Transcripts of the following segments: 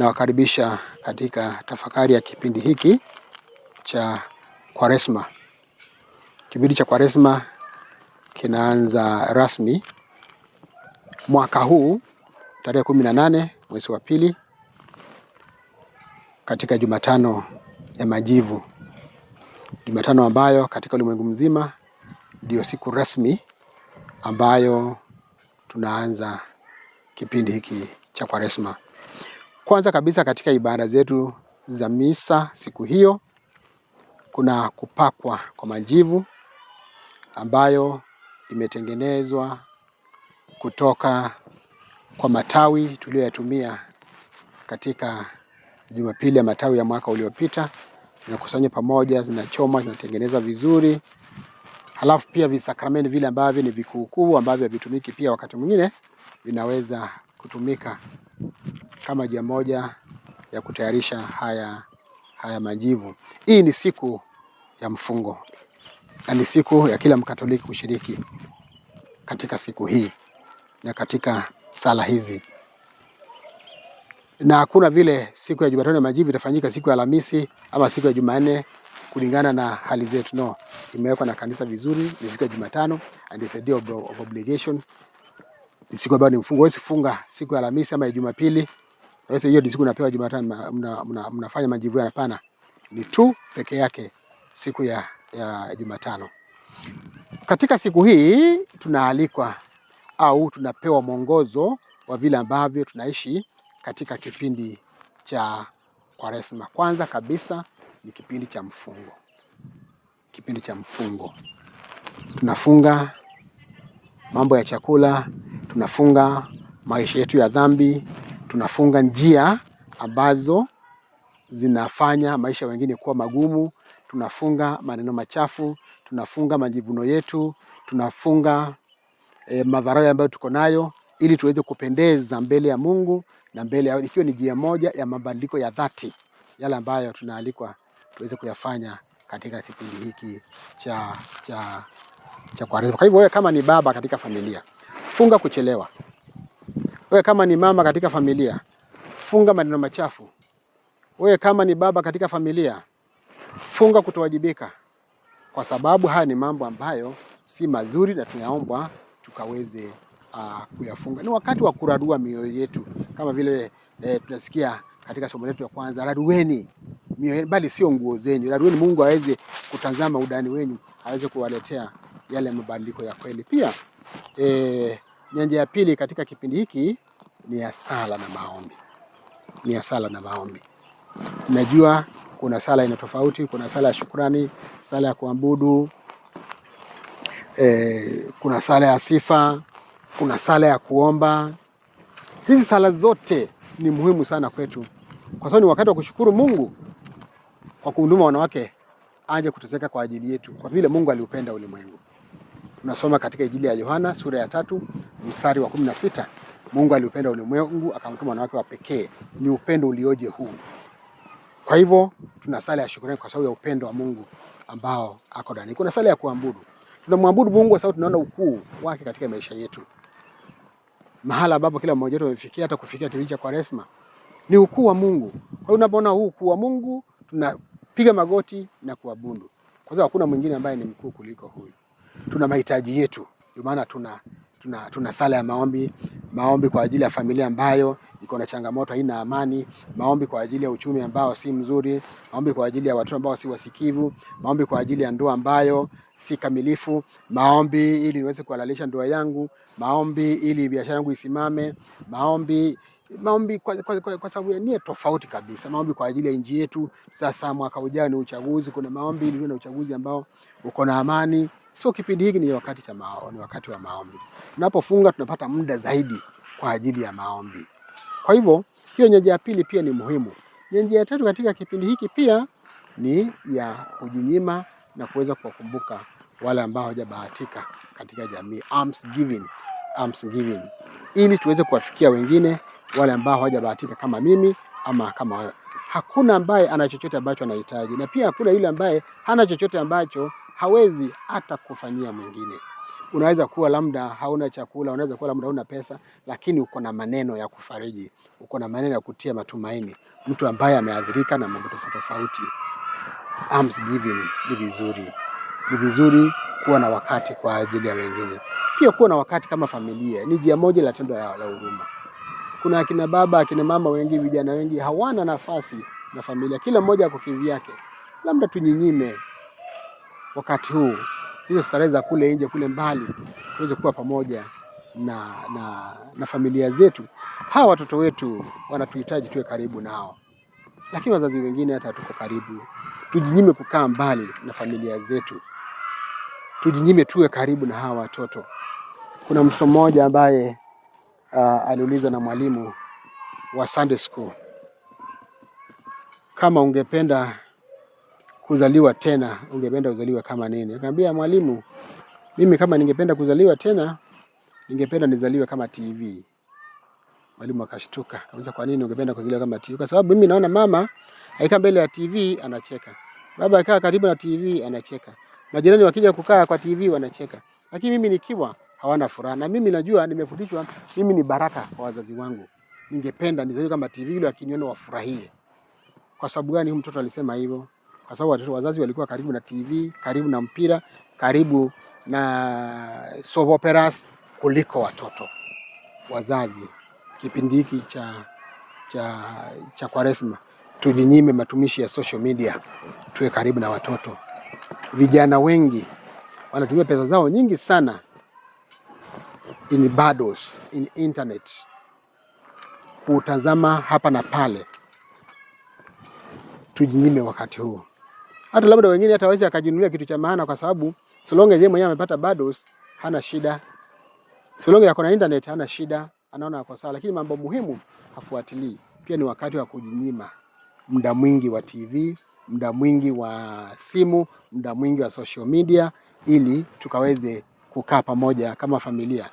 Nawakaribisha katika tafakari ya kipindi hiki cha Kwaresma. Kipindi cha Kwaresma kinaanza rasmi mwaka huu tarehe kumi na nane mwezi wa pili katika Jumatano ya Majivu, Jumatano ambayo katika ulimwengu mzima ndiyo siku rasmi ambayo tunaanza kipindi hiki cha Kwaresma. Kwanza kabisa katika ibada zetu za misa siku hiyo kuna kupakwa kwa majivu ambayo imetengenezwa kutoka kwa matawi tuliyoyatumia katika Jumapili ya matawi ya mwaka uliopita, zinakusanywa pamoja, zinachoma, zinatengeneza vizuri. Halafu pia visakramenti vile ambavyo ni vikuukuu ambavyo havitumiki pia wakati mwingine vinaweza kutumika kama njia moja ya kutayarisha haya haya majivu. Hii ni siku ya mfungo na ni siku ya kila Mkatoliki kushiriki katika siku hii na katika sala hizi, na hakuna vile siku ya Jumatano ya majivu itafanyika siku ya Alhamisi ama siku ya Jumanne kulingana na hali zetu. No, imewekwa na kanisa vizuri, ni siku ya Jumatano and it's a day of obligation. Ni siku ambayo ni mfungo, wewe funga siku ya Alhamisi ama ya Jumapili sasa hiyo siku napewa Jumatano, mnafanya mna, mna ya Hapana, ni tu peke yake siku ya, ya Jumatano. Katika siku hii tunaalikwa au tunapewa mwongozo wa vile ambavyo tunaishi katika kipindi cha Kwaresma. Kwanza kabisa ni kipindi cha mfungo. Kipindi cha mfungo tunafunga mambo ya chakula, tunafunga maisha yetu ya dhambi tunafunga njia ambazo zinafanya maisha wengine kuwa magumu, tunafunga maneno machafu, tunafunga majivuno yetu, tunafunga e, madharau ambayo tuko nayo, ili tuweze kupendeza mbele ya Mungu na mbele ya ikiwa ni njia moja ya mabadiliko ya dhati yale ambayo tunaalikwa tuweze kuyafanya katika kipindi hiki cha cha cha Kwaresma. Kwa hivyo wewe kama ni baba katika familia, funga kuchelewa. Wewe kama ni mama katika familia, funga maneno machafu. Wewe kama ni baba katika familia, funga kutowajibika, kwa sababu haya ni mambo ambayo si mazuri, na tunaomba tukaweze uh, kuyafunga. Ni wakati wa kuradua mioyo yetu, kama vile eh, tunasikia katika somo letu ya kwanza, radueni mioyo yenu, bali sio nguo zenu. Radueni, Mungu aweze kutazama udani wenu, aweze kuwaletea yale mabadiliko ya kweli. Pia eh, Nyanja ya pili katika kipindi hiki ni ya sala na maombi, ni ya sala na maombi. Najua kuna sala ina tofauti, kuna sala ya shukrani, sala ya kuabudu e, kuna sala ya sifa, kuna sala ya kuomba. Hizi sala zote ni muhimu sana kwetu, kwa sababu ni wakati wa kushukuru Mungu kwa kuunduma wanawake aje kuteseka kwa ajili yetu, kwa vile Mungu aliupenda ulimwengu. Tunasoma katika Injili ya Yohana sura ya tatu mstari wa kumi na sita Mungu aliupenda ulimwengu akamtuma mwanawe wa pekee. Ni upendo ulioje huu! Kwa hivyo tuna sala ya shukrani kwa sababu ya upendo wa Mungu ambao ako ndani. Kuna sala ya kuabudu. Tunamwabudu Mungu kwa sababu tunaona ukuu wake katika maisha yetu, mahala ambapo kila mmoja wetu amefikia, hata kufikia kipindi kwa resma, ni ukuu wa Mungu. Kwa hiyo unapoona huu ukuu wa Mungu, tunapiga magoti na kuabudu, kwa sababu hakuna mwingine ambaye ni mkuu kuliko huyu tuna mahitaji yetu, ndio maana tuna, tuna, tuna sala ya maombi, maombi kwa ajili ya familia ambayo iko na changamoto, haina amani, maombi kwa ajili ya uchumi ambao si mzuri, maombi kwa ajili ya watoto ambao si wasikivu, maombi kwa ajili ya ndoa ambayo si kamilifu, maombi ili niweze kuhalalisha ndoa yangu, maombi ili biashara yangu isimame, maombi maombi kwa, kwa, kwa, kwa sababu ya nia tofauti kabisa. Maombi kwa ajili ya nchi yetu. Sasa mwaka ujao ni uchaguzi, kuna maombi ili na uchaguzi ambao uko na amani. So kipindi hiki ni wakati cha mao, ni wakati wa maombi. Tunapofunga tunapata muda zaidi kwa ajili ya maombi. Kwa hivyo hiyo nyenje ya pili pia ni muhimu. Nyenje ya tatu katika kipindi hiki pia ni ya kujinyima na kuweza kuwakumbuka wale ambao hawajabahatika katika jamii, alms giving, alms giving, ili tuweze kuwafikia wengine wale ambao hawajabahatika kama mimi ama kama wewe. Hakuna ambaye ana chochote ambacho anahitaji, na pia hakuna yule ambaye hana chochote ambacho hawezi hata kufanyia mwingine. Unaweza kuwa labda hauna chakula, unaweza kuwa labda hauna pesa, lakini uko na maneno ya kufariji, uko na maneno ya kutia matumaini mtu ambaye ameathirika na mambo tofauti tofauti. Almsgiving ni vizuri, ni vizuri kuwa na wakati kwa ajili ya wengine. Pia kuwa na wakati kama familia ni jia moja la tendo la huruma. Kuna akina baba, akina mama wengi, vijana wengi hawana nafasi na familia, kila mmoja ako kivyake. Labda tunyinyime wakati huu, hizo starehe za kule nje kule mbali, tuweze kuwa pamoja na, na, na familia zetu. Hawa watoto wetu wanatuhitaji tuwe karibu nao, lakini wazazi wengine hata hatuko karibu. Tujinyime kukaa mbali na familia zetu, tujinyime tuwe karibu na hawa watoto. Kuna mtoto mmoja ambaye uh, aliulizwa na mwalimu wa Sunday school kama ungependa kuzaliwa tena ungependa uzaliwe kama nini? Akamwambia mwalimu, mimi kama ningependa kuzaliwa tena ningependa nizaliwe kama TV. Mwalimu akashtuka, akamwambia kwa nini ungependa kuzaliwa kama TV? Kwa sababu mimi naona mama aika mbele ya TV anacheka, baba akaa karibu na TV anacheka, majirani wakija kukaa kwa TV wanacheka, lakini mimi nikiwa hawana furaha. Na mimi najua nimefundishwa, mimi ni baraka kwa wazazi wangu, ningependa nizaliwe kama TV ili akiniona wafurahie. Kwa sababu gani? Huyu mtoto alisema hivyo kwa sababu wazazi walikuwa karibu na TV, karibu na mpira, karibu na soap operas kuliko watoto. Wazazi, kipindi hiki cha, cha, cha Kwaresma tujinyime matumishi ya social media, tuwe karibu na watoto. Vijana wengi wanatumia pesa zao nyingi sana in bados, in internet kutazama hapa na pale. Tujinyime wakati huu hata labda wengine hata waweze akajinunulia kitu cha maana, kwa sababu so long as yeye mwenyewe amepata bados hana shida, so long yako na internet hana shida, anaona yako sawa, lakini mambo muhimu hafuatilii. Pia ni wakati wa kujinyima muda mwingi wa TV, muda mwingi wa simu, muda mwingi wa social media, ili tukaweze kukaa pamoja kama familia.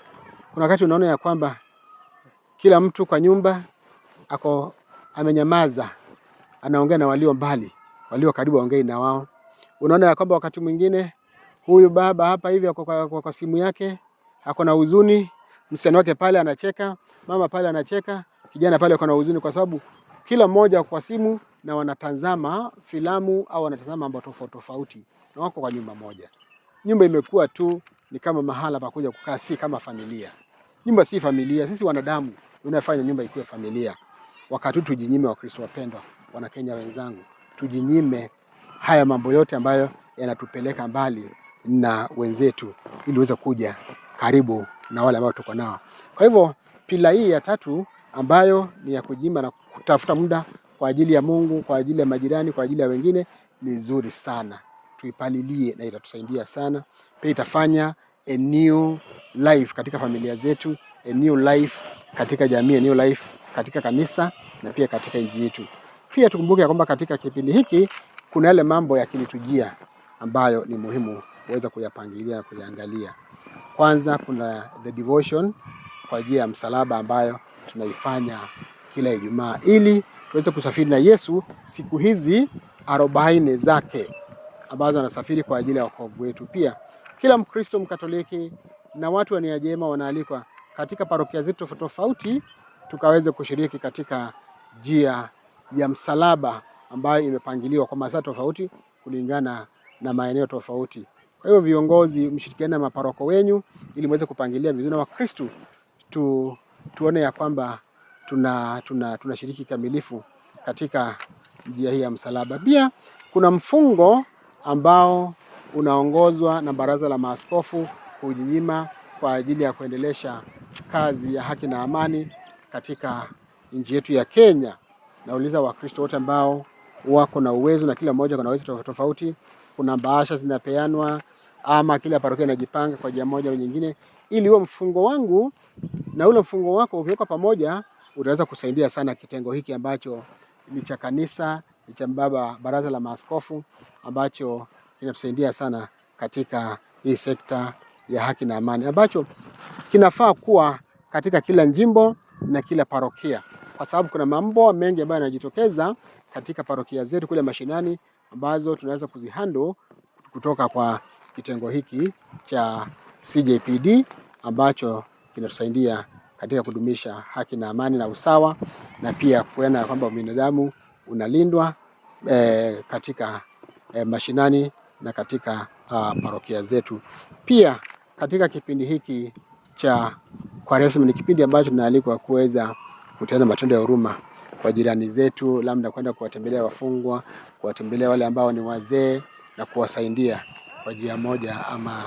Kuna wakati unaona ya kwamba kila mtu kwa nyumba ako amenyamaza, anaongea na walio mbali walio karibu waongee na wao. Unaona ya kwamba wakati mwingine huyu baba hapa hivi kwa, kwa, kwa, kwa simu yake ako na huzuni, msichana wake pale anacheka, mama pale anacheka, kijana pale ako na huzuni, kwa sababu kila mmoja kwa simu na wanatazama filamu au wanatazama mambo tofauti tofauti, na wako kwa nyumba moja. Nyumba imekuwa tu ni kama mahala pa kuja kukaa, si kama familia. Nyumba si familia, sisi wanadamu tunafanya nyumba ikuwe familia. Wakati tujinyime, Wakristo wapendwa, wana Kenya wenzangu tujinyime haya mambo yote ambayo yanatupeleka mbali na wenzetu, ili uweze kuja karibu na wale ambao tuko nao. Kwa hivyo pila hii ya tatu ambayo ni ya kujima na kutafuta muda kwa ajili ya Mungu, kwa ajili ya majirani, kwa ajili ya wengine ni nzuri sana, tuipalilie na itatusaidia sana. Pia itafanya a new life katika familia zetu, a new life katika jamii, a new life katika kanisa na pia katika nchi yetu. Pia tukumbuke kwamba katika kipindi hiki kuna yale mambo ya kilitujia ambayo ni muhimu kuweza kuyapangilia kuyaangalia. Kwanza kuna the devotion kwa ajili ya msalaba ambayo tunaifanya kila Ijumaa ili tuweze kusafiri na Yesu siku hizi arobaini zake ambazo anasafiri kwa ajili ya wokovu wetu. Pia kila Mkristo Mkatoliki na watu wa nia jema wanaalikwa katika parokia zetu tofauti tukaweze kushiriki katika jia ya msalaba ambayo imepangiliwa kwa masaa tofauti kulingana na maeneo tofauti. Kwa hiyo viongozi, mshirikiane na maparoko wenyu ili muweze kupangilia vizuri, na Wakristu tu, tuone ya kwamba tuna tuna, tunashiriki kamilifu katika njia hii ya msalaba. Pia kuna mfungo ambao unaongozwa na Baraza la Maaskofu kujinyima kwa ajili ya kuendelesha kazi ya haki na amani katika nchi yetu ya Kenya nauliza Wakristo wote ambao wako na uwezo na kila mmoja kuna uwezo tofauti. Kuna bahasha zinapeanwa ama kila parokia inajipanga kwa njia moja au nyingine, ili huo mfungo wangu na ule mfungo wako ukiweka pamoja utaweza kusaidia sana kitengo hiki ambacho ni cha kanisa, ni cha baba baraza la maaskofu ambacho kinatusaidia sana katika hii sekta ya haki na amani ambacho kinafaa kuwa katika kila jimbo na kila parokia kwa sababu kuna mambo mengi ambayo yanajitokeza katika parokia zetu kule mashinani ambazo tunaweza kuzihandle kutoka kwa kitengo hiki cha CJPD ambacho kinatusaidia katika kudumisha haki na amani na usawa na pia kuona kwamba binadamu unalindwa e, katika e, mashinani na katika a, ah, parokia zetu. Pia katika kipindi hiki cha Kwaresma ni kipindi ambacho tunaalikwa kuweza kutenda matendo ya huruma kwa jirani zetu, labda kwenda kuwatembelea wafungwa, kuwatembelea wale ambao ni wazee na kuwasaidia kwa njia moja ama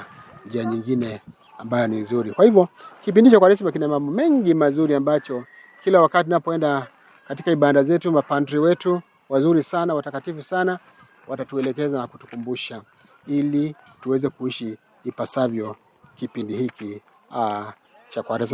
njia nyingine ambayo ni nzuri. Kwa hivyo kipindi cha Kwaresima kina mambo mengi mazuri ambacho kila wakati napoenda katika ibada zetu, mapandri wetu wazuri sana, watakatifu sana, watatuelekeza na kutukumbusha ili tuweze kuishi ipasavyo kipindi hiki ah, cha Kwaresima.